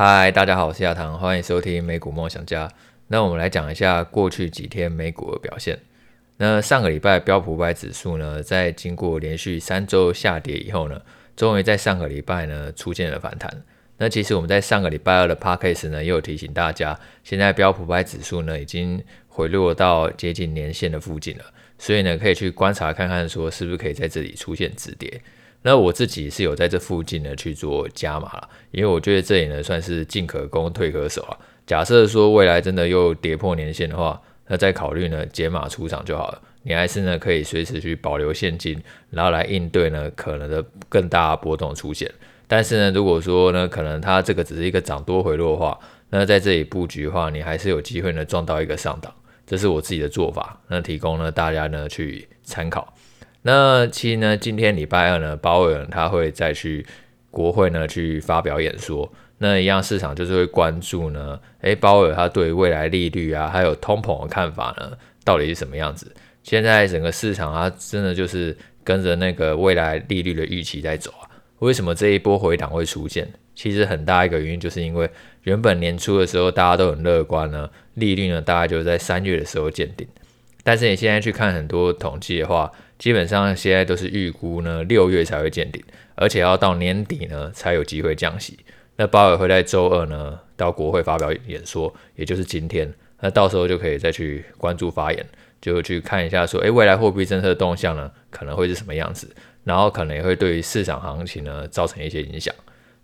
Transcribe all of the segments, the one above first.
嗨，大家好，我是亞堂，歡迎收聽美股夢想家。那我們來講一下過去幾天美股的表現。那上個禮拜標普五百指數呢，在經過連續三週下跌以後呢，終於在上個禮拜呢出現了反彈。那其實我們在上個禮拜二的 podcast 呢，也有提醒大家，現在標普五百指數呢已經回落到接近年線的附近了，所以呢可以去觀察看看，說是不是可以在這裡出現止跌。那我自己是有在這附近呢去做加碼了，因為我覺得這裡呢算是進可攻退可守啊。假設說未來真的又跌破年線的話，那再考慮呢解碼出場就好了。你還是呢可以隨時去保留現金，然後來應對呢可能的更大波動出現。但是呢，如果說呢可能它這個只是一個漲多回落的話，那在這裡布局的話，你還是有機會呢撞到一個上檔。這是我自己的做法，那提供呢大家呢去參考。那其實呢，今天禮拜二呢，鮑威爾他會再去國會呢去發表演說。那一樣市場就是會關注呢，哎、欸，鮑威爾他對於未來利率啊，還有通膨的看法呢，到底是什麼樣子？現在整個市場啊，真的就是跟着那個未來利率的預期在走啊。為什麼這一波回檔會出現？其實很大一個原因就是因為原本年初的時候大家都很樂觀呢，利率呢大概就在三月的時候見頂。但是你現在去看很多統計的話，基本上現在都是預估呢，六月才會見頂，而且要到年底呢才有機會降息。那鮑爾會在週二呢到國會發表演說，也就是今天。那到時候就可以再去關注發言，就去看一下說，哎、欸，未來貨幣政策的動向呢可能會是什麼樣子，然後可能也會對於市場行情呢造成一些影響。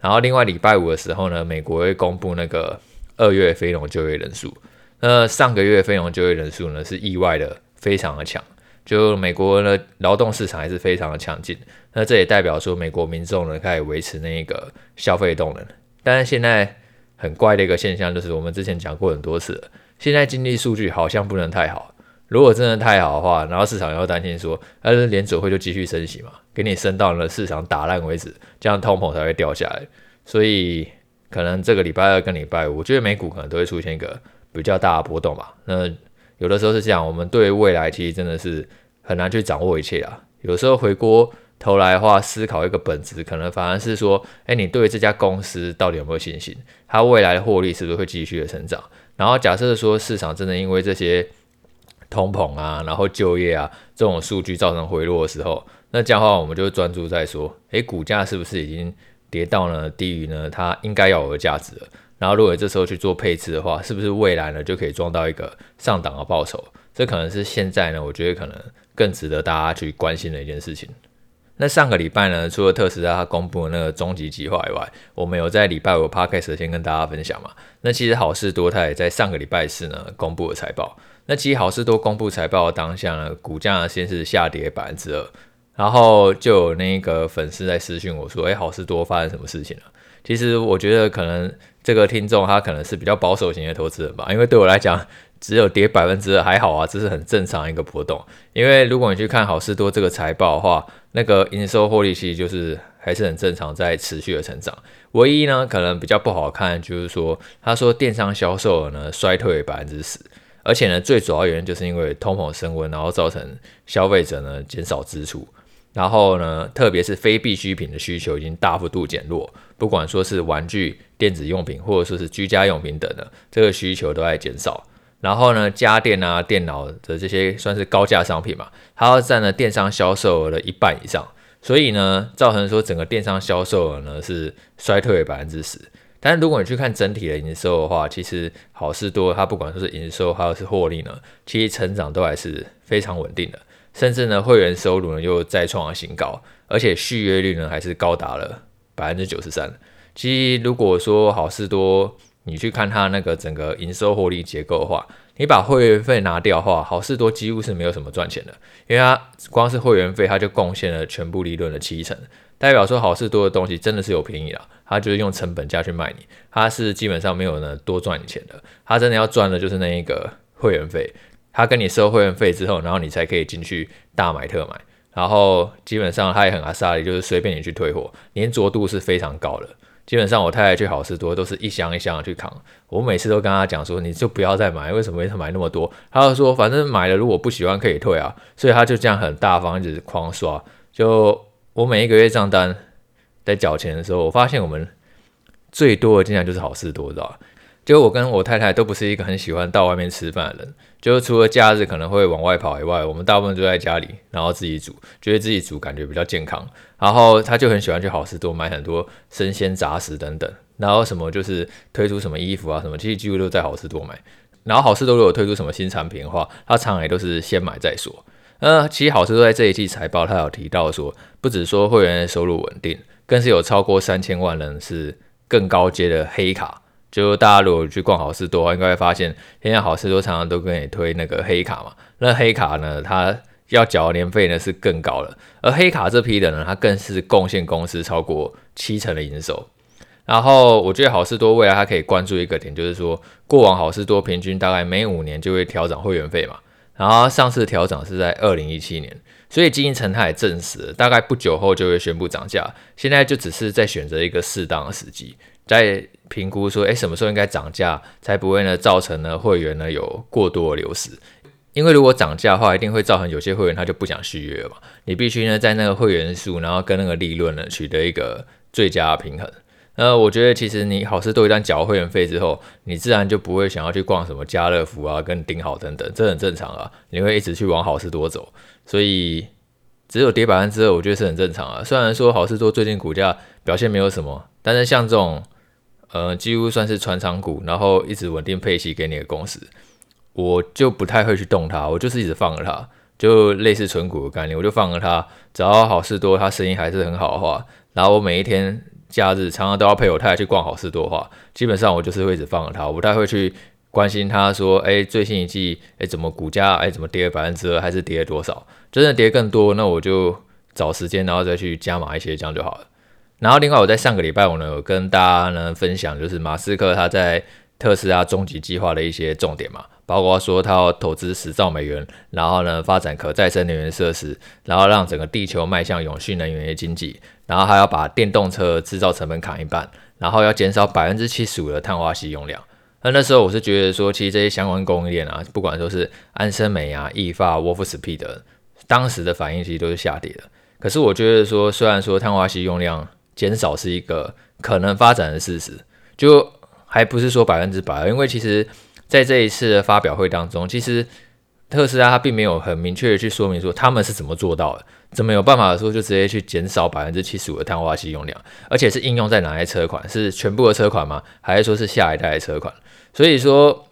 然後另外禮拜五的時候呢，美國會公布那個二月非農就業人數。那上個月非農就業人數呢是意外的非常的強。就美國的勞動市場還是非常的強勁，那這也代表說美國民眾呢開始維持那個消費動能。但是現在很怪的一個現象就是，我們之前講過很多次了，現在經濟數據好像不能太好。如果真的太好的話，然後市場又擔心說，但是聯準會就繼續升息嘛，給你升到了市場打爛為止，這樣通膨才會掉下來。所以可能這個禮拜二跟禮拜五，我覺得美股可能都會出現一個比較大的波動吧。那。有的時候是這樣，我們對未來其實真的是很難去掌握一切啊。有時候回過頭來的話，思考一個本質，可能反而是說，哎，你對這家公司到底有沒有信心？它未來的獲利是不是會繼續的成長？然後假設說市場真的因為這些通膨啊，然後就業啊這種數據造成回落的時候，那這樣的話，我們就專注在說，哎，股價是不是已經跌到了低於呢它應該要有的價值了？然後，如果你這時候去做配置的話，是不是未來呢就可以賺到一個上檔的報酬？這可能是現在呢，我覺得可能更值得大家去關心的一件事情。那上個禮拜呢，除了特斯拉他公布的那個終極計劃以外，我們有在禮拜五 podcast 時先跟大家分享嘛。那其實好事多，他也在上個禮拜四呢公布了財報。那其實好事多公布財報的當下呢，股價先是下跌百分之二，然後就有那個粉絲在私訊我說：“哎，好事多發生什麼事情了，啊？”其實我覺得可能。這個聽眾他可能是比較保守型的投資人吧，因為對我來講，只有跌百分之二還好啊，這是很正常一個波動。因為如果你去看好事多這個財報的話，那個營收獲利其實就是還是很正常在持續的成長。唯一呢可能比較不好看的就是說，他說電商銷售額呢衰退百分之十，而且呢最主要原因就是因為通膨升溫，然後造成消費者呢減少支出。然後呢，特別是非必需品的需求已經大幅度減弱，不管說是玩具、電子用品，或者說是居家用品等的，這個需求都在減少。然後呢，家電啊、電腦的這些算是高價商品嘛，它要占了電商銷售額的一半以上，所以呢，造成說整個電商銷售額呢是衰退百分之十。但是如果你去看整體的營收的話，其實好事多，它不管說是營收還有是獲利呢，其實成長都還是非常穩定的。甚至呢，會員收入呢又再創了新高，而且續約率呢還是高達了百分之九十三。其實如果說好事多，你去看它那個整個營收獲利結構的話，你把會員費拿掉的話，好事多幾乎是沒有什麼賺錢的，因為它光是會員費，它就貢獻了全部利潤的七成，代表說好事多的東西真的是有便宜了，它就是用成本價去賣你，它是基本上沒有呢多賺你錢的，它真的要賺的就是那一個會員費。他跟你收會員費之後，然後你才可以進去大買特買，然後基本上他也很阿薩里，就是隨便你去退貨，黏着度是非常高的。基本上我太太去好事多都是一箱一箱的去扛，我每次都跟他講說，你就不要再買，為什麼為什麼買那麼多？他就說反正買了如果不喜歡可以退啊，所以他就這樣很大方一直狂刷。就我每一個月賬單在繳錢的時候，我發現我們最多的竟然就是好事多的。知道就我跟我太太都不是一個很喜歡到外面吃飯的人，就是除了假日可能會往外跑以外，我們大部分都在家裡，然後自己煮，覺得自己煮感覺比較健康。然後她就很喜歡去好事多買很多生鮮雜食等等，然後什麼就是推出什麼衣服啊什麼，其實幾乎都在好事多買。然後好事多如果有推出什麼新產品的話，她常來都是先買再說。嗯，其實好事多在這一季財報，他有提到說，不止說會員的收入穩定，更是有超過三千萬人是更高階的黑卡。就大家如果去逛好事多，應該會發現現在好事多常常都跟你推那個黑卡嘛。那黑卡呢，它要繳的年費呢是更高了。而黑卡這批人呢，它更是貢獻公司超過七成的營收。然後我覺得好事多未來它可以關注一個點，就是說過往好事多平均大概每五年就會調整會員費嘛。然後上次調整是在二零一七年，所以經營層他也證實了，大概不久後就會宣布漲價。現在就只是在選擇一個適當的時機，在。評估說，哎，什麼時候應該漲價，才不會呢造成呢會員呢有過多的流失？因為如果漲價的話，一定會造成有些會員他就不想續約嘛。你必須呢在那個會員數，然後跟那個利潤呢取得一個最佳的平衡。那我覺得其實你好事多一旦繳會員費之後，你自然就不會想要去逛什麼家樂福啊、跟頂好等等，這很正常啊。你會一直去往好事多走，所以只有跌百分之二，我覺得是很正常啊。雖然說好事多最近股價表現沒有什麼，但是像這種。呃，幾乎算是傳產股，然後一直穩定配息給你的公司，我就不太會去動它，我就是一直放着它，就類似存股的概念，我就放着它。只要好事多，它生意還是很好的話，然後我每一天假日常常都要陪我太太去逛好事多的話，基本上我就是會一直放着它，我不太會去關心它說，哎、欸，最新一季，哎、欸，怎麼股價，哎、欸，怎麼跌了百分之二，還是跌了多少？真的跌更多，那我就找時間然後再去加碼一些，這樣就好了。然後另外我在上個禮拜我呢有跟大家呢分享，就是馬斯克他在特斯拉終極計劃的一些重點嘛，包括說他要投資十兆美元，然後呢發展可再生能源設施，然後讓整個地球邁向永續能源的經濟，然後還要把電動車製造成本砍一半，然後要減少百分之七十五的碳化矽用量。那那時候我是覺得說，其實這些相關供應鏈啊，不管說是安森美啊、易發、Wolf Speed，當時的反應其實都是下跌的。可是我覺得說，雖然說碳化矽用量減少是一個可能發展的事實，就還不是說百分之百。因為其實在這一次的發表會當中，其實特斯拉它並沒有很明確的去說明說他們是怎麼做到的，怎麼有辦法說就直接去減少百分之七十五的碳化矽用量，而且是應用在哪些車款，是全部的車款嗎？還是說是下一代的車款？所以說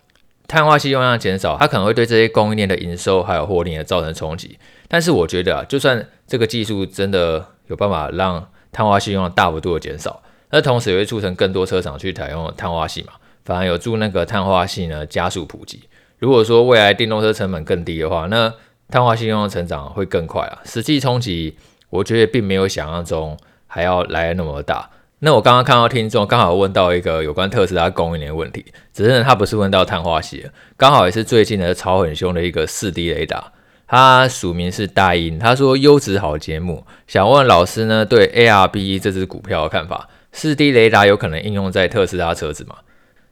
碳化矽用量減少，它可能會對這些供應鏈的營收還有獲利而造成衝擊。但是我覺得、啊，就算這個技術真的有辦法讓碳化矽用的大幅度的減少，那同時也會促成更多車廠去採用碳化矽嘛，反而有助那個碳化矽呢加速普及。如果說未來電動車成本更低的話，那碳化矽用的成長會更快啊。實際衝擊，我覺得並沒有想象中還要來得那麼大。那我剛剛看到聽眾剛好問到一個有關特斯拉供應鏈的問題，只是他不是問到碳化矽的，剛好也是最近呢炒很兇的一個 4D 雷達。他署名是大英，他說優質好節目，想問老師呢對 ARBE 這支股票的看法？四 D 雷達有可能應用在特斯拉車子嗎？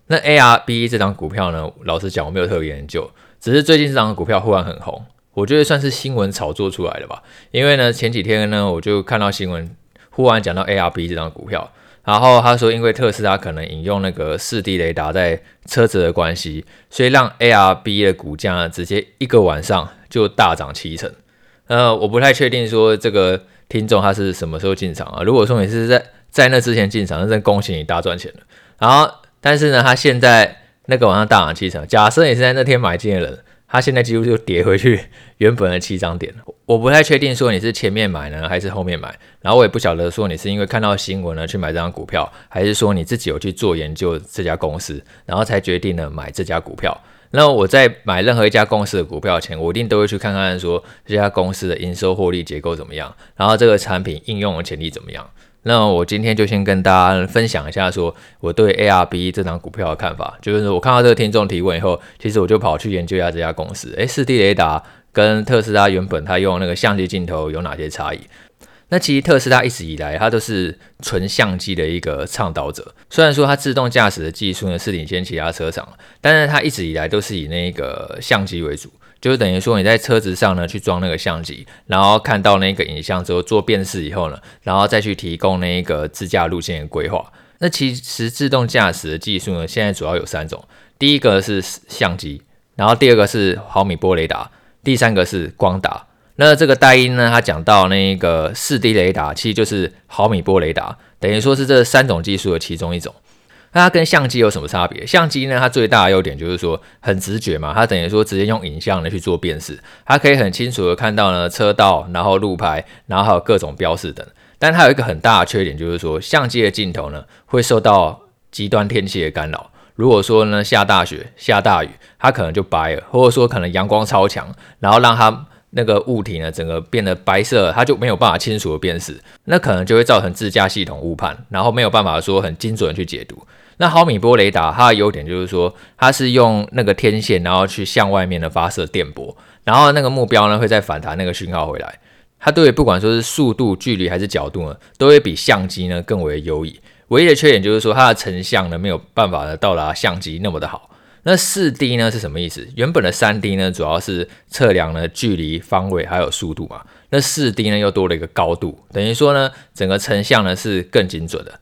那 ARBE 這張股票呢，老實講我沒有特別研究，只是最近這張股票忽然很紅，我覺得算是新聞炒作出來的吧。因為呢前幾天呢我就看到新聞忽然講到 ARBE 這張股票，然後他說因為特斯拉可能引用那個四 D 雷達在車子的關係，所以讓 ARBE 的股價直接一個晚上。就大漲七成，呃，我不太確定說這個聽眾他是什麼時候進場啊？如果說你是在在那之前進場，那真恭喜你大賺錢了。然後，但是呢，他現在那個晚上大漲七成，假設你是在那天買進的人，他現在幾乎就跌回去原本的起漲點了。我不太確定說你是前面買呢，還是後面買。然後我也不曉得說你是因為看到新聞呢去買這張股票，還是說你自己有去做研究這家公司，然後才決定呢買這家股票。那我在買任何一家公司的股票前，我一定都會去看看說這家公司的營收獲利結構怎麼樣，然後這個產品應用的潛力怎麼樣。那我今天就先跟大家分享一下說我對 ARB 這張股票的看法，就是我看到這個聽眾提問以後，其實我就跑去研究一下這家公司。誒、欸，四 D 雷達跟特斯拉原本它用那個相機鏡頭有哪些差異？那其實特斯拉一直以來，它都是純相機的一個倡導者。雖然說它自動駕駛的技術呢是領先其他車廠，但是它一直以來都是以那個相機為主，就等於說你在車子上呢去裝那個相機，然後看到那個影像之後做辨識以後呢，然後再去提供那個自駕路線的規劃。那其實自動駕駛的技術呢，現在主要有三種：第一個是相機，然後第二個是毫米波雷達，第三個是光達。那這個代音呢，他講到那個 4D 雷達，其實就是毫米波雷達，等於說是這三種技術的其中一種。那它跟相機有什麼差別？相機呢，它最大的優點就是說很直覺嘛，它等於說直接用影像呢去做辨識，它可以很清楚的看到呢車道，然後路牌，然後還有各種標識等。但它有一個很大的缺點，就是說相機的鏡頭呢會受到極端天氣的干擾。如果說呢下大雪、下大雨，它可能就白了，或者說可能陽光超強，然後讓它。那個物體呢，整個變得白色，它就沒有辦法清楚的辨識，那可能就會造成自駕系統誤判，然後沒有辦法說很精準的去解讀。那毫米波雷達它的優點就是說，它是用那個天線，然後去向外面的發射電波，然後那個目標呢會再反彈那個訊號回來，它對不管說是速度、距離還是角度呢，都會比相機呢更為優異。唯一的缺點就是說，它的成像呢沒有辦法的到達相機那麼的好。那四 D 呢是什麼意思？原本的三 D 呢，主要是測量呢距離、方位還有速度啊。那四 D 呢又多了一個高度，等於說呢，整個成像呢是更精準的。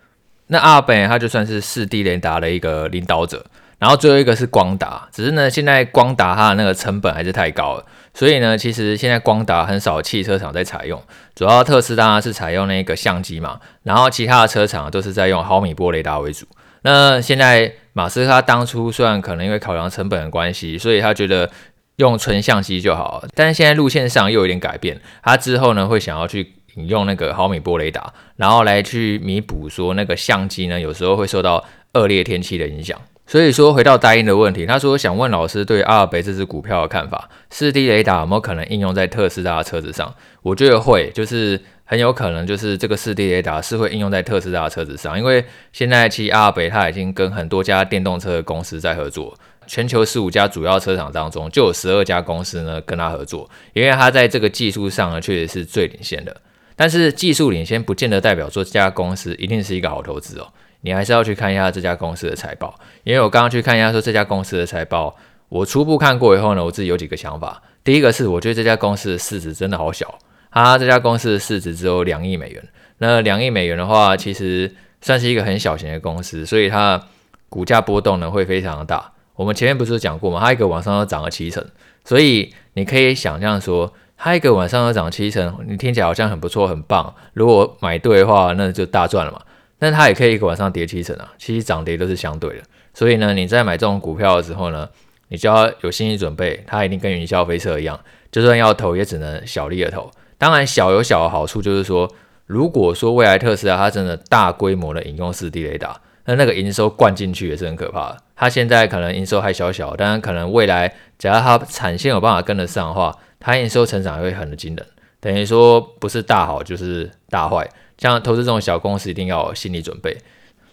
那二本它就算是四 D 雷達的一個領導者。然後最後一個是光達，只是呢現在光達它的那個成本還是太高了，所以呢其實現在光達很少汽車廠在採用。主要特斯拉呢是採用那個相機嘛，然後其他的車廠都、就是在用毫米波雷達為主。那現在。馬斯克他當初雖然可能因為考量成本的關係，所以他覺得用純相機就好。但是現在路線上又有點改變，他之後呢會想要去引用那個毫米波雷達，然後來去彌補說那個相機呢有時候會受到惡劣天氣的影響。所以說回到答應的問題，他說想問老師對阿爾卑這支股票的看法，四 D 雷達有沒有可能應用在特斯拉的車子上？我覺得會，就是。很有可能就是這個 4D 雷達是會應用在特斯拉的車子上，因為現在其實阿爾卑他已經跟很多家電動車的公司在合作，全球十五家主要車廠當中就有十二家公司呢跟他合作，因為他在這個技術上呢確實是最領先的。但是技術領先不見得代表說這家公司一定是一個好投資哦，你還是要去看一下這家公司的財報，因為我剛剛去看一下說這家公司的財報，我初步看過以後呢，我自己有幾個想法，第一個是我覺得這家公司的市值真的好小。它、啊、這家公司的市值只有兩億美元。那兩億美元的話，其實算是一個很小型的公司，所以它股價波動呢會非常的大。我們前面不是講過嗎？它一個晚上要漲了七成，所以你可以想象說，它一個晚上要漲七成，你聽起來好像很不錯、很棒。如果買對的話，那就大賺了嘛。但它也可以一個晚上跌七成啊。其實漲跌都是相對的，所以呢，你在買這種股票的時候呢，你就要有心理準備，它一定跟雲霄飛車一樣，就算要投，也只能小利的投。當然，小有小的好處，就是說，如果說未來特斯拉它真的大規模的引用四 D 雷達，那那個營收灌進去也是很可怕的。它現在可能營收還小小，但可能未來，假如它產線有辦法跟得上的話，它營收成長還會很驚人。等於說，不是大好就是大壞。像投資這種小公司，一定要有心理準備。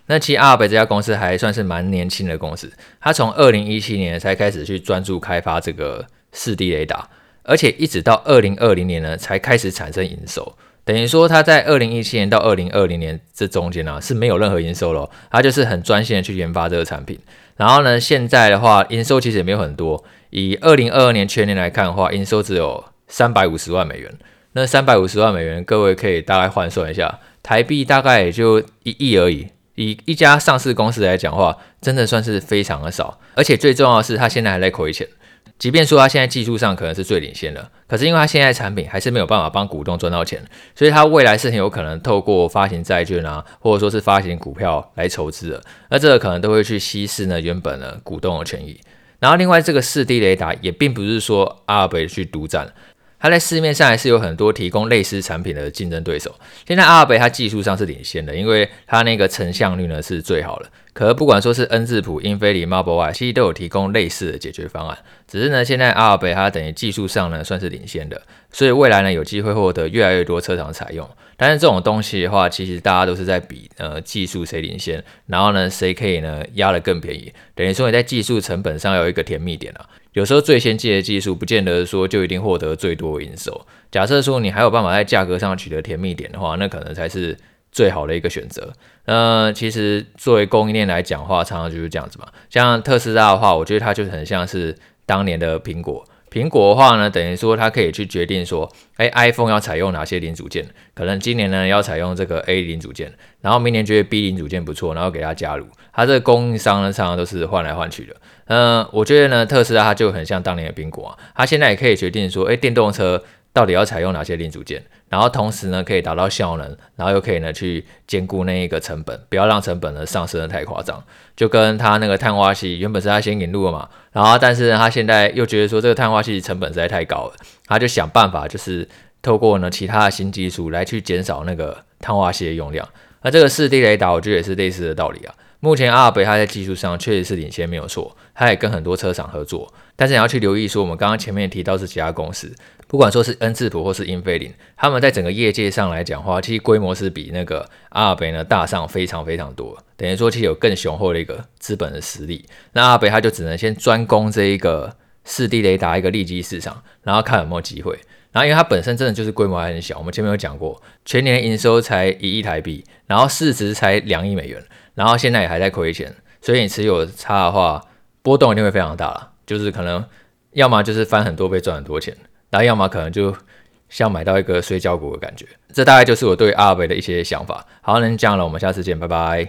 那其實阿爾伯這家公司還算是蠻年輕的公司，它從二零一七年才開始去專注開發這個四 D 雷達。而且一直到二零二零年呢，才開始產生營收，等於說它在二零一七年到二零二零年這中間呢、啊，是沒有任何營收了、哦，它就是很專心的去研發這個產品。然後呢，現在的話，營收其實也沒有很多。以二零二二年全年來看的話，營收只有三百五十萬美元。那三百五十萬美元，各位可以大概換算一下，台幣大概也就一億而已。以一家上市公司來講的話，真的算是非常的少。而且最重要的是，它現在還在虧錢。即便說它現在技術上可能是最領先的，可是因為它現在產品還是沒有辦法幫股東賺到錢，所以它未來是很有可能透過發行債券啊，或者說是發行股票來籌資的。那這個可能都會去稀釋呢原本的股東的權益。然後另外這個 4D 雷達，也並不是說阿爾卑去獨占。它在市面上還是有很多提供類似產品的競爭對手。現在阿爾卑它技術上是領先的，因為它那個成像率呢是最好的。可不管說是恩智浦、英飛凌、Mobileye，其實都有提供類似的解決方案。只是呢，現在阿爾卑它等於技術上呢算是領先的，所以未來呢有機會獲得越來越多車廠採用。但是這種東西的話，其實大家都是在比呃技術誰領先，然後呢誰可以呢壓得更便宜，等於說你在技術成本上有一個甜蜜點了，啊。有時候最先進的技術不見得說就一定獲得最多營收。假設說你還有辦法在價格上取得甜蜜點的話，那可能才是最好的一個選擇。那其實作為供應鏈來講的話，常常就是這樣子嘛。像特斯拉的話，我覺得它就是很像是當年的蘋果。蘋果的話呢，等於說它可以去決定說，欸，iPhone 要採用哪些零組件，可能今年呢要採用這個 A 零組件，然後明年覺得 B 零組件不錯，然後給他加入。它這個供應商呢，常常都是換來換去的。嗯，我覺得呢，特斯拉它就很像當年的蘋果啊，它現在也可以決定說，欸，電動車。到底要採用哪些零組件，然後同時呢可以達到效能，然後又可以呢去兼顧那一個成本，不要讓成本呢上升得太誇張。就跟他那個碳化矽，原本是他先引入的嘛，然後但是呢他現在又覺得說這個碳化矽成本實在太高了，他就想辦法就是透過呢其他的新技術來去減少那個碳化矽的用量。那這個四 D 雷達我覺得也是類似的道理啊。目前，阿爾卑它在技術上確實是領先，沒有錯。他也跟很多車廠合作，但是你要去留意說，我們剛剛前面提到的是幾家公司，不管說是恩智浦或是英飛凌，他們在整個業界上來講的話，其實規模是比那個阿爾卑呢大上非常非常多，等於說其實有更雄厚的一個資本的實力。那阿爾卑他就只能先專攻這一個四 D 雷達一個利基市場，然後看有沒有機會。然後因為它本身真的就是規模還很小，我們前面有講過，全年營收才一億台幣，然後市值才兩億美元，然後現在也還在虧錢，所以你持有差的話，波動一定會非常大了。就是可能要麼就是翻很多倍賺很多錢，然後要麼可能就像買到一個水餃股的感覺。這大概就是我對阿爾卑的一些想法。好，那這樣了，我們下次見，拜拜。